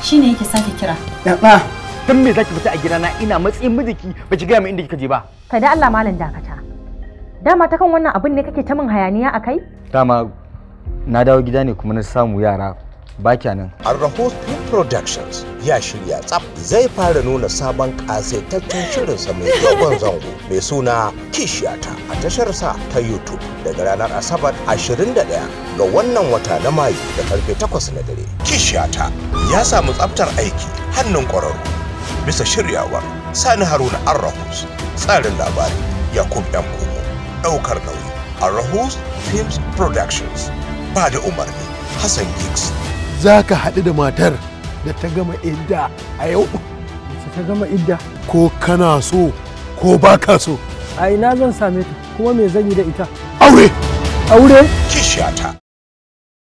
shi ne yake sake kira yatsa dan me zaki fita a gidana ina matsayin mijiki ki gaya min inda kika je ba kai da Allah malam dakata dama ta kan wannan abin ne kake ta min hayaniya a kai. dama na dawo gida ne kuma na samu yara ba nan. Arraho Productions ya shirya tsaf zai fara nuna sabon ƙasaitaccen shirinsa mai dogon zango mai suna Kishiyata a tashar sa ta YouTube daga ranar Asabar 21 ga wannan wata na Mayu da karfe 8 na dare. Kishiyata ya samu tsaftar aiki hannun ƙwararru bisa shiryawar Sani Haruna Arrahus tsarin labari Yakub Yankubu ɗaukar nauyi Arrahus Films Productions ba da umarni Hassan Giggs za ka haɗu da matar da ta gama idda a yau ta gama idda ko kana so ko ba ka so a ina zan same ta kuma me zan yi da ita aure aure kishiyata